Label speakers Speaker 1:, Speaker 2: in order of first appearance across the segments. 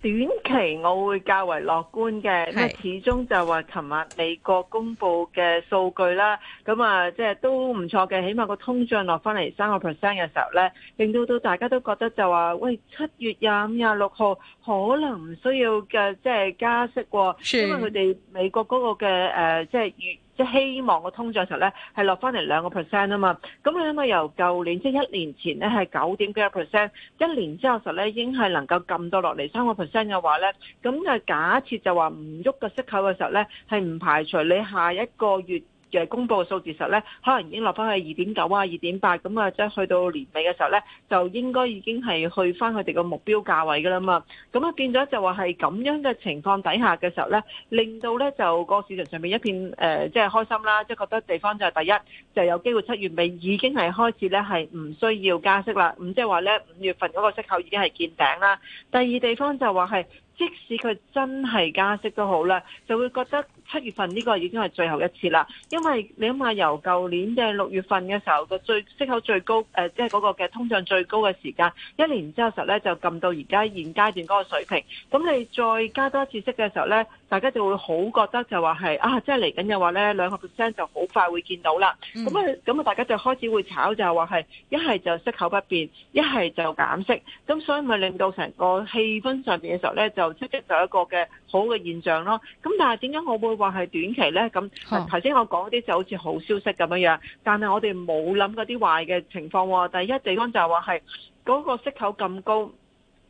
Speaker 1: 短期我會較為樂觀嘅，因為始終就話琴日美國公布嘅數據啦，咁啊即係、就是、都唔錯嘅，起碼個通脹落翻嚟三個 percent 嘅時候咧，令到到大家都覺得就話，喂七月廿五、廿六號可能唔需要嘅即係加息喎、哦，因為佢哋美國嗰個嘅即係。呃，就是即、就是、希望個通脹時候咧係落翻嚟兩個 percent 啊嘛，咁你諗下由舊年即係、就是、一年前咧係九點幾個 percent，一年之後實咧已經係能夠撳到落嚟三個 percent 嘅話咧，咁啊假設就話唔喐個息口嘅時候咧係唔排除你下一個月。誒公佈嘅數字時呢，實咧可能已經落翻去二點九啊、二點八咁啊，即係去到年尾嘅時候咧，就應該已經係去翻佢哋個目標價位噶啦嘛。咁啊，變咗就話係咁樣嘅情況底下嘅時候咧，令到咧就個市場上面一片誒，即、呃、係、就是、開心啦，即係覺得地方就係第一就有機會七月尾已經係開始咧，係唔需要加息啦。咁即係話咧，五月份嗰個息口已經係見頂啦。第二地方就話係，即使佢真係加息都好啦，就會覺得。七月份呢個已經係最後一次啦，因為你諗下由舊年嘅六月份嘅時候嘅最息口最高，誒即係嗰個嘅通脹最高嘅時間，一年之後時候咧就撳到而家現階段嗰個水平，咁你再加多一次息嘅時候咧。大家就會好覺得就話係啊，即係嚟緊嘅話咧，兩個 percent 就好快會見到啦。咁、嗯、啊，咁啊，大家就開始會炒就話係一係就息口不變，一係就減息。咁所以咪令到成個氣氛上面嘅時候咧，就即即就一個嘅好嘅現象咯。咁但係點解我會話係短期咧？咁頭先我講啲就好似好消息咁樣樣，啊、但係我哋冇諗嗰啲壞嘅情況。第一地方就係話係嗰個息口咁高，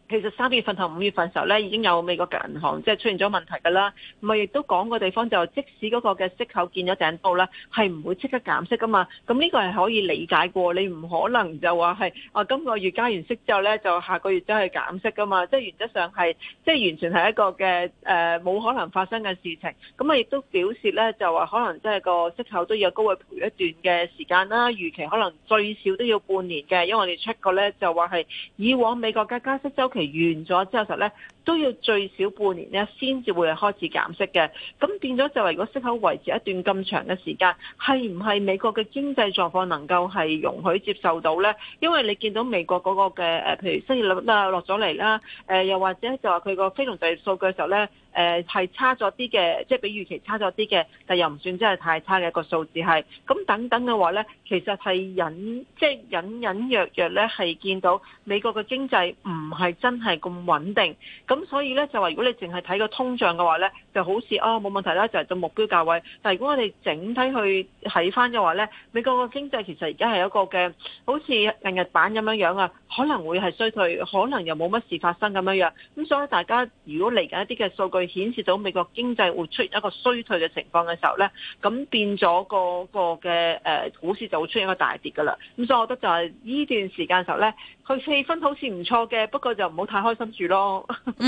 Speaker 1: 其實三月份同五月份時候咧，已經有美國銀行即係、就是、出現咗問題㗎啦。咪亦都講個地方就，即使嗰個嘅息口見咗頂部啦，係唔會即刻減息㗎嘛。咁呢個係可以理解過，你唔可能就話係啊今個月加完息之後咧，就下個月即係減息㗎嘛。即、就、係、是、原則上係，即、就、係、是、完全係一個嘅誒冇可能發生嘅事情。咁啊亦都表示咧，就話可能即係個息口都要高位徘徊一段嘅時間啦。預期可能最少都要半年嘅，因為我哋出過過咧，就話係以往美國嘅加息周期。完咗之後就咧。 都要最少半年呢先至會開始減息嘅。咁變咗就係、是、如果息口維持一段咁長嘅時間，係唔係美國嘅經濟狀況能夠係容許接受到呢？因為你見到美國嗰個嘅誒，譬如失業率啊落咗嚟啦，誒、呃、又或者就話佢個非農就業數據嘅時候呢，誒、呃、係差咗啲嘅，即、就、係、是、比預期差咗啲嘅，但又唔算真係太差嘅一個數字係。咁等等嘅話呢，其實係隱即係隱隱約約呢，係見到美國嘅經濟唔係真係咁穩定。咁咁所以咧，就話如果你淨係睇個通脹嘅話咧，就好似哦冇問題啦，就係到目標價位。但係如果我哋整體去睇翻嘅話咧，美國個經濟其實而家係一個嘅好似近日版咁樣樣啊，可能會係衰退，可能又冇乜事發生咁樣樣。咁所以大家如果嚟緊一啲嘅數據顯示到美國經濟會出現一個衰退嘅情況嘅時候咧，咁變咗個個嘅誒股市，就會出現一個大跌噶啦。咁所以我覺得就係呢段時間時候咧，佢氣氛好似唔錯嘅，不過就唔好太開心住咯。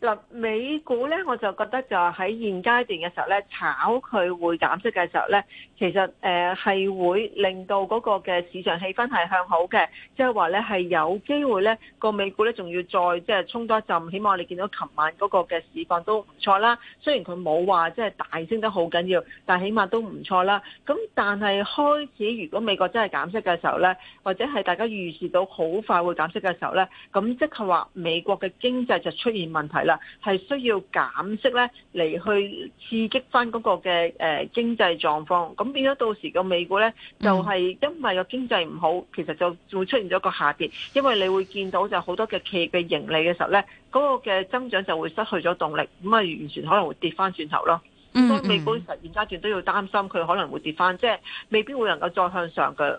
Speaker 1: 嗱， 美股咧我就覺得就喺現階段嘅時候咧，炒佢會減息嘅時候咧，其實誒係、呃、會令到嗰個嘅市場氣氛係向好嘅，即係話咧係有機會咧個美股咧仲要再即係衝多一浸，起碼我哋見到琴晚嗰個嘅市況都唔錯啦。雖然佢冇話即係大升得好緊要，但係起碼都唔錯啦。咁但係開始如果美國真係減息嘅時候咧，或者係大家預示到好快會減息嘅時候咧，咁即係話美國嘅經濟。就出現問題啦，係需要減息咧嚟去刺激翻嗰個嘅誒經濟狀況。咁變咗到時個美股咧就係、是、因為個經濟唔好、嗯，其實就會出現咗個下跌，因為你會見到就好多嘅企業嘅盈利嘅時候咧，嗰個嘅增長就會失去咗動力，咁啊完全可能會跌翻轉頭咯、嗯，所以美股實現階段都要擔心佢可能會跌翻，即係未必會能夠再向上嘅。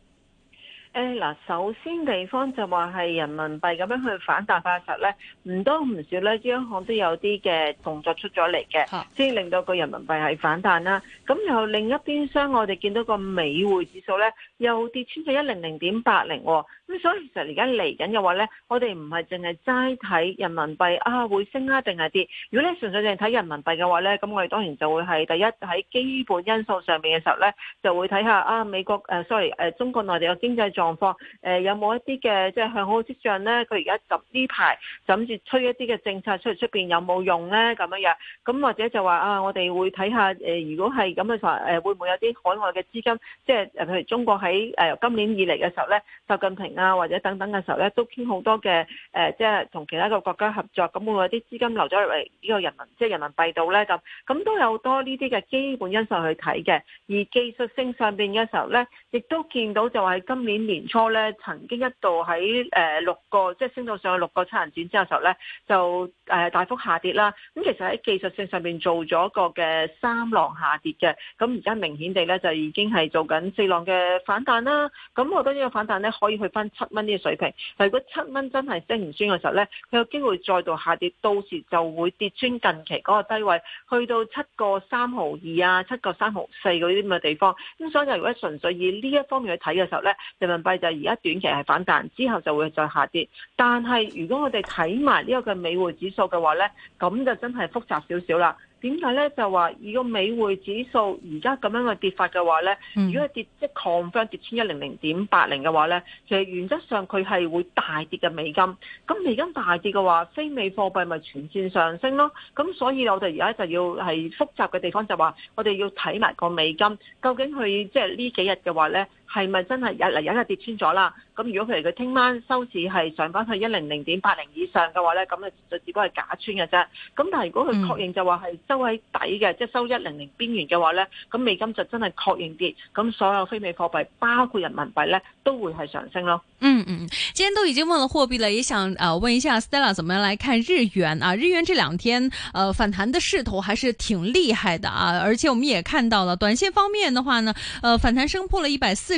Speaker 1: 誒嗱，首先地方就話係人民幣咁樣去反彈化實呢，咧，唔多唔少咧，央行都有啲嘅動作出咗嚟嘅，先令到個人民幣係反彈啦。咁又另一邊廂，我哋見到個美匯指數咧又跌穿咗一零零點八零，咁所以其實而家嚟緊嘅話咧，我哋唔係淨係齋睇人民幣啊會升啊定係跌。如果你純粹淨係睇人民幣嘅話咧，咁我哋當然就會係第一喺基本因素上面嘅時候咧，就會睇下啊美國誒、啊、，sorry 誒、啊，中國內地嘅經濟狀況誒有冇一啲嘅即係向好跡象呢？佢而家就呢排就諗住推一啲嘅政策出嚟出面有冇用呢？咁樣樣咁或者就話啊，我哋會睇下如果係咁嘅話，會唔會有啲海外嘅資金，即係譬如中國喺今年以嚟嘅時候呢，習近平啊或者等等嘅時候呢，都傾好多嘅即係同其他嘅國家合作，咁會唔會有啲資金流咗入嚟呢個人民即係、就是、人民幣度呢？咁咁都有多呢啲嘅基本因素去睇嘅。而技術性上面嘅時候呢，亦都見到就係今年。年初咧，曾經一度喺誒六個，即係升到上去六個七人轉之後嘅時候咧，就誒大幅下跌啦。咁其實喺技術性上邊做咗個嘅三浪下跌嘅，咁而家明顯地咧就已經係做緊四浪嘅反彈啦。咁我覺得呢個反彈咧可以去翻七蚊呢個水平，但如果七蚊真係升唔穿嘅時候咧，佢有機會再度下跌，到時就會跌穿近期嗰個低位，去到七個三毫二啊，七個三毫四嗰啲咁嘅地方。咁所以就如果純粹以呢一方面去睇嘅時候咧，就而家短期係反彈之後就會再下跌。但係如果我哋睇埋呢個嘅美匯指數嘅話咧，咁就真係複雜少少啦。點解咧？就話如果美匯指數而家咁樣嘅跌法嘅話咧、嗯，如果跌即係 confirm 跌穿一零零點八零嘅話咧，其實原則上佢係會大跌嘅美金。咁美金大跌嘅話，非美貨幣咪全線上升咯。咁所以我哋而家就要係複雜嘅地方就話，我哋要睇埋個美金，究竟佢即係呢幾日嘅話咧？係咪真係日嚟日嘅跌穿咗啦？咁如果譬如佢聽晚收市係上翻去一零零點八零以上嘅話咧，咁啊就只不過係假穿嘅啫。咁但係如果佢確認就話係收喺底嘅、嗯，即係收一零零邊緣嘅話咧，咁美金就真係確認跌，咁所有非美貨幣包括人民幣咧都會係上升咯。嗯嗯，今
Speaker 2: 天都已經問了貨幣啦，也想啊問一下 Stella，怎麼樣來看日元啊？日元這兩天呃反彈的勢頭還是挺厲害的啊，而且我們也看到了短線方面嘅話呢，呃反彈升破了一百四。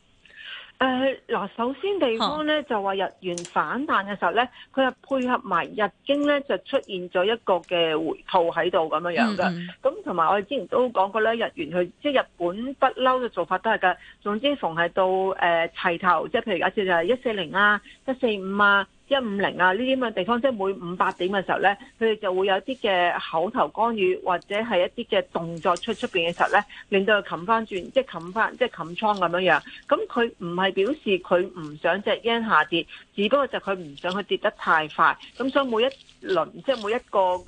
Speaker 1: 誒，嗱，首先地方咧、哦、就話日元反彈嘅時候咧，佢係配合埋日經咧就出現咗一個嘅回吐喺度咁樣樣嘅，咁同埋我哋之前都講過咧，日元佢即係日本不嬲嘅做法都係噶，總之逢係到誒齊、呃、頭，即係譬如假設就係一四零啊，一四五啊。一五零啊，呢啲咁嘅地方，即係每五百點嘅時候咧，佢哋就會有啲嘅口頭干預，或者係一啲嘅動作出出邊嘅時候咧，令到佢冚翻轉，即係冚翻，即係冚倉咁樣樣。咁佢唔係表示佢唔想隻 yen 下跌，只不過就佢唔想去跌得太快。咁所以每一輪即係每一個誒誒、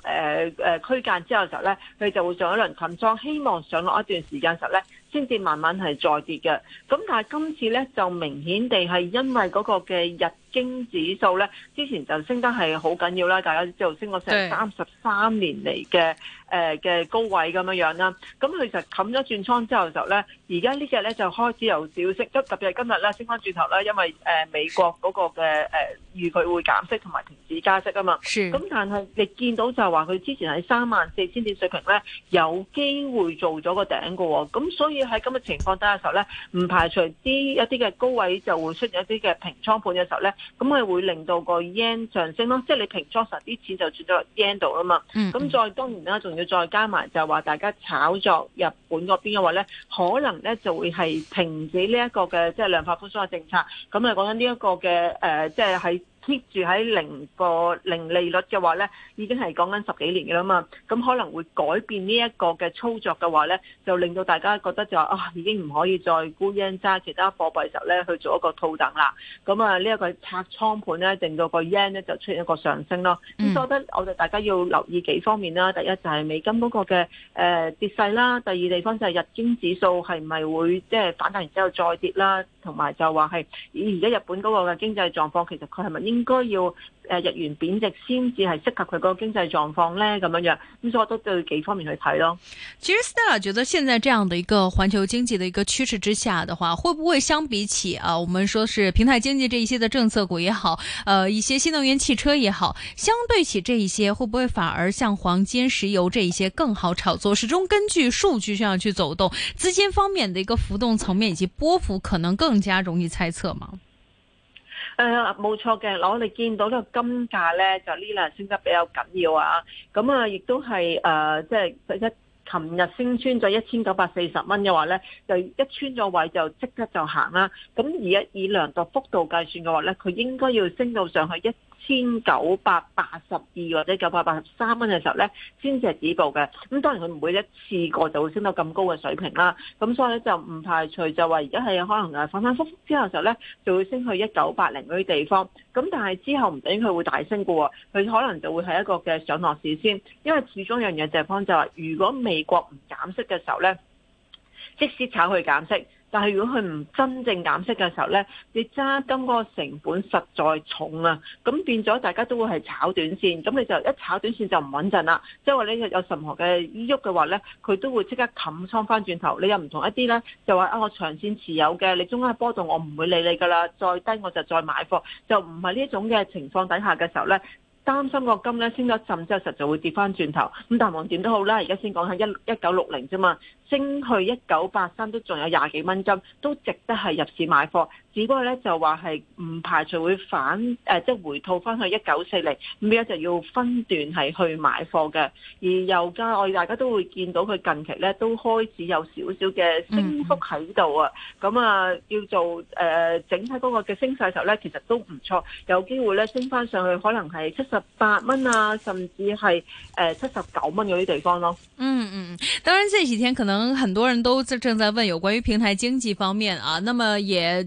Speaker 1: 呃、區間之後嘅時候咧，佢就會上一輪冚倉，希望上落一段時間時候咧。先至慢慢係再跌嘅，咁但係今次呢，就明顯地係因為嗰個嘅日經指數呢，之前就升得係好緊要啦，大家知道升咗成三十三年嚟嘅。誒、呃、嘅高位咁樣樣啦，咁其實冚咗轉倉之後就咧，而家呢幾日咧就開始有少息。即特別係今日咧升翻轉頭啦，因為誒、呃、美國嗰個嘅誒預佢會減息同埋停止加息啊嘛。是。咁但係你見到就係話佢之前喺三萬四千點水平咧有機會做咗個頂嘅喎，咁所以喺咁嘅情況底下嘅時候咧，唔排除啲一啲嘅高位就會出現一啲嘅平倉盤嘅時候咧，咁係會令到個 yen 上升咯，即係你平倉實啲錢就轉咗 yen 度啊嘛。嗯，嗯。咁再當然啦，仲。要再加埋，就話，大家炒作日本嗰邊嘅話咧，可能咧就會係停止呢一個嘅即係量化寬鬆嘅政策。咁啊，講緊呢一個嘅誒，即係喺。Keep 住喺零個零利率嘅話咧，已經係講緊十幾年嘅啦嘛，咁可能會改變呢一個嘅操作嘅話咧，就令到大家覺得就話啊、哦，已經唔可以再沽 yen 揸其他貨幣時候咧去做一個套戥啦。咁啊，呢一個拆倉盤咧，令到個 yen 咧就出現一個上升咯。咁、嗯、我覺得我哋大家要留意幾方面啦。第一就係美金嗰個嘅誒、呃、跌勢啦，第二地方就係日經指數係咪會即係、就是、反彈然之後再跌啦？同埋就話係而家日本嗰個嘅經濟狀況，其實佢係咪應該要？呃，日元貶值先至係適合佢個經濟狀況呢。咁樣樣，咁所以我都對幾方面去睇咯。其實 Stella 覺得現在這樣
Speaker 2: 的一個環球經濟的一個趨勢之下的話，會不會相比起啊，我們說是平台經濟這一些的政策股也好，呃，一些新能源汽車也好，相對起這一些，會不會反而像黃金、石油這一些更好炒作？始終根據數據上要去走動，資金方面的一個浮動層面以及波幅，可能更加容易猜測嘛？
Speaker 1: 誒、嗯，冇錯嘅，嗱我哋見到呢個金價呢，就呢兩日升得比較緊要啊，咁啊亦都係誒，即係一琴日升穿咗一千九百四十蚊嘅話呢，就一穿咗位就即刻就行啦。咁而家以量度幅度計算嘅話呢，佢應該要升到上去一千九百八十二或者九百八十三蚊嘅時候咧，先至係止步嘅。咁當然佢唔會一次過就會升到咁高嘅水平啦。咁所以就唔排除就話而家係可能誒，反反覆覆之後時候呢就咧就會升去一九八零嗰啲地方。咁但係之後唔等佢會大升嘅喎，哦，佢可能就會係一個嘅上落市先。因為始終有樣嘢地方就話，是，如果美國唔減息嘅時候咧，即使炒佢減息。但係如果佢唔真正減息嘅時候呢，你揸金嗰個成本實在重啊，咁變咗大家都會係炒短線，咁你就一炒短線就唔穩陣啦。即係話你有任何嘅依郁嘅話呢，佢都會即刻冚倉翻轉頭。你又唔同一啲呢，就話啊我長線持有嘅，你中間嘅波動我唔會理你噶啦，再低我就再買貨，就唔係呢種嘅情況底下嘅時候呢。擔心個金咧升咗一陣之後，實就會跌翻轉頭。咁但係點都好啦，而家先講下一一九六零啫嘛，升去一九八三都仲有廿幾蚊金，都值得係入市買貨。只不過咧就話係唔排除會反誒，即、呃、係、就是、回吐翻去一九四零，咁樣就要分段係去買貨嘅。而油價我大家都會見到佢近期咧都開始有少少嘅升幅喺度、嗯嗯、啊，咁啊叫做誒、呃、整體嗰個嘅升勢時候咧，其實都唔錯，有機會咧升翻上去可能係七十八蚊啊，甚至係誒七十九蚊嗰啲地方咯。嗯
Speaker 2: 嗯，當然這幾天可能很多人都正在問有關於平台經濟方面啊，那麼也。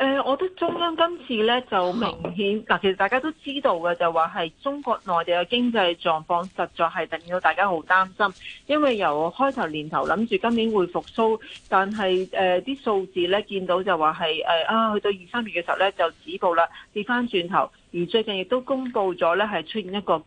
Speaker 1: 呃、我覺得中央今次咧就明顯嗱，其實大家都知道嘅就話係中國內地嘅經濟狀況實在係令到大家好擔心，因為由我開頭年頭諗住今年會復甦，但係啲、呃、數字咧見到就話係啊，去到二三月嘅時候咧就止步啦，跌翻轉頭。而最近亦都公告咗咧，係出現一個嘅誒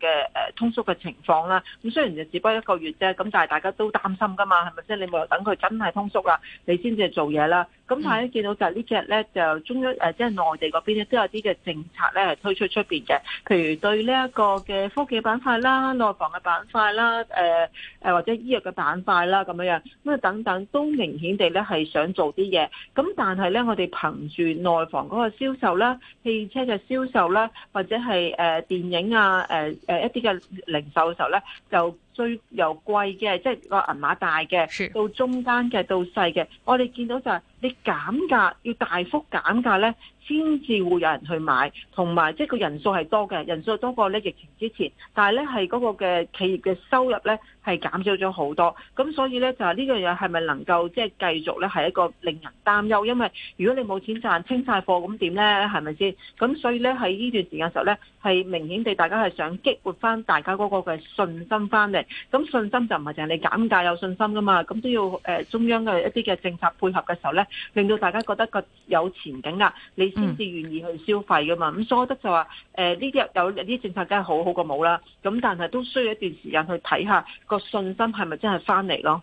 Speaker 1: 通縮嘅情況啦。咁雖然就只不過一個月啫，咁但係大家都擔心噶嘛，係咪先？你冇等佢真係通縮啦，你先至做嘢啦。咁但係見到就呢幾日咧，就中央，誒即係內地嗰邊咧都有啲嘅政策咧係推出出面嘅，譬如對呢一個嘅科技板塊啦、內房嘅板塊啦、呃、誒或者醫藥嘅板塊啦咁樣樣咁啊等等都明顯地咧係想做啲嘢。咁但係咧，我哋憑住內房嗰個銷售啦、汽車嘅銷售啦。或者係誒電影啊，誒誒一啲嘅零售嘅時候咧，就。最由貴嘅，即係個銀碼大嘅，到中間嘅，到細嘅，我哋見到就係你減價要大幅減價咧，先至會有人去買，同埋即係個人數係多嘅，人數多過咧疫情之前，但係咧係嗰個嘅企業嘅收入咧係減少咗好多，咁所以咧就係呢樣嘢係咪能夠即係繼續咧係一個令人擔憂，因為如果你冇錢賺清，清晒貨咁點咧係咪先？咁所以咧喺呢段時間時候咧。係明顯地，大家係想激活翻大家嗰個嘅信心翻嚟。咁信心就唔係淨係你減價有信心噶嘛，咁都要誒中央嘅一啲嘅政策配合嘅時候咧，令到大家覺得個有前景啊，你先至願意去消費噶嘛。咁所以我覺得就話誒呢啲有啲政策梗係好好過冇啦。咁但係都需要一段時間去睇下個信心係咪真係翻嚟咯。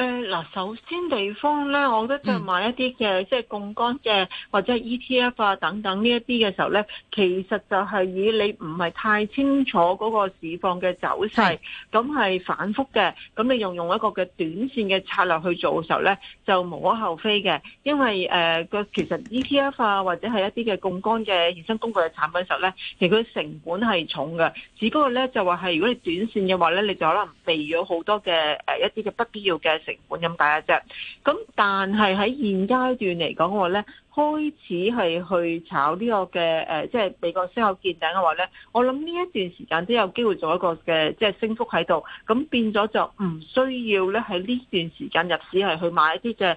Speaker 1: 誒、呃、嗱，首先地方咧，我覺得就買一啲嘅、嗯、即係槓桿嘅或者 ETF 啊等等呢一啲嘅時候咧，其實就係以你唔係太清楚嗰個市況嘅走勢，咁係反覆嘅，咁你用用一個嘅短線嘅策略去做嘅時候咧，就無可厚非嘅，因為誒、呃、其實 ETF 啊或者係一啲嘅槓桿嘅衍生工具嘅產品嘅時候咧，其實佢成本係重嘅，只不過咧就話係如果你短線嘅話咧，你就可能避咗好多嘅、呃、一啲嘅不必要嘅。成本咁解一隻咁，但係喺現階段嚟講，我咧。開始係去炒呢個嘅即係美國先有見頂嘅話咧，我諗呢一段時間都有機會做一個嘅即係升幅喺度，咁變咗就唔需要咧喺呢段時間入市係去買一啲嘅誒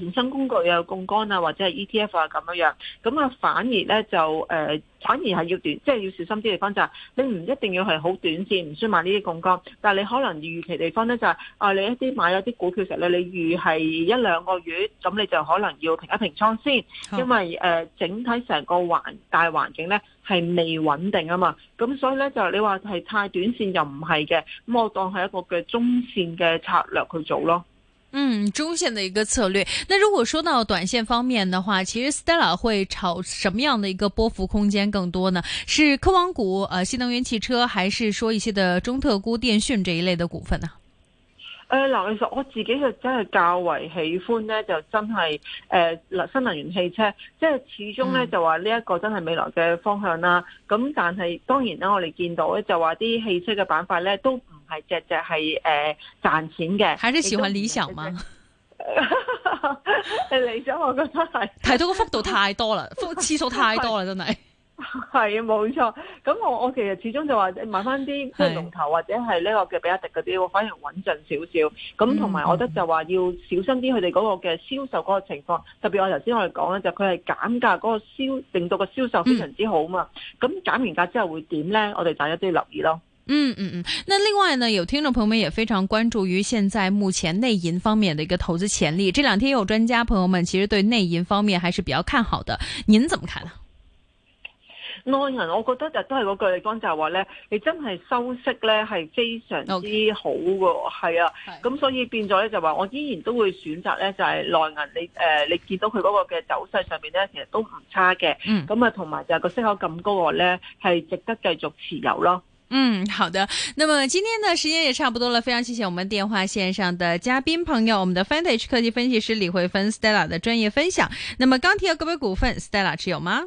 Speaker 1: 衍生工具又有槓桿啊，或者係 ETF 啊咁樣咁啊反而咧就誒、呃、反而係要短，即係要小心啲地方就係你唔一定要係好短線唔需要買呢啲槓桿，但係你可能預期地方咧就係啊你一啲買咗啲股票時候咧，你預係一兩個月，咁你就可能要平一平倉先。因為誒，整體成個環大環境咧係未穩定啊嘛，咁所以咧就你話係太短線又唔係嘅，咁我當係一個嘅中線嘅策略去做咯。嗯，中線的一個策略。那如果說到
Speaker 2: 短線方面的話，其實 Stella 會炒什麼樣的一個波幅空間更多呢？是科網股、啊、新能源汽車，還是說一些的中特估、電訊這一類的股份呢？
Speaker 1: 誒、呃，嗱，其實我自己就真係較為喜歡咧，就真係誒、呃，新能源汽車，即係始終咧就話呢一個真係未來嘅方向啦。咁、嗯、但係當然啦，我哋見到咧就話啲汽車嘅板塊咧都唔係只只係誒賺錢嘅。還是喜歡、啊、 理想嗎？係理想，我覺得係。提到個幅度太多啦，次 數太多啦，真係。 係 啊，冇錯。咁我我其實始終就話買翻啲即係龍頭或者係呢個嘅比亞迪嗰啲，反而穩陣少少。咁同埋，我覺得就話要小心啲佢哋嗰個嘅銷售嗰個情況、嗯，特別我頭先我哋講咧，就佢係減價嗰個銷，令到個銷售非常之好嘛。咁、嗯、減完價之後會點咧？我哋大家都要留意咯。嗯
Speaker 2: 嗯嗯。那另外呢，有聽眾朋友們也非常關注於現在目前內銀方面的一個投資潛力。這兩天有專家朋友們其實對內銀方面還是比較看好的，您怎麼看呢？
Speaker 1: 內銀，我覺得就都係嗰句嚟講，就係話咧，你真係收息咧係非常之好嘅，係、okay. 啊，咁所以變咗咧就話，我依然都會選擇咧就係內銀你、嗯呃，你誒你見到佢嗰個嘅走勢上邊咧，其實都唔差嘅，咁啊同埋就係個息口咁高喎咧，係值得繼續持有咯。嗯，好的，
Speaker 2: 那麼今天嘅時間也差不多了，非常謝謝我們電話線上的嘉賓朋友，我們的 Fantage 科技分析師李慧芬 Stella 嘅專業分享。那麼鋼鐵股份股份 Stella 持有嗎？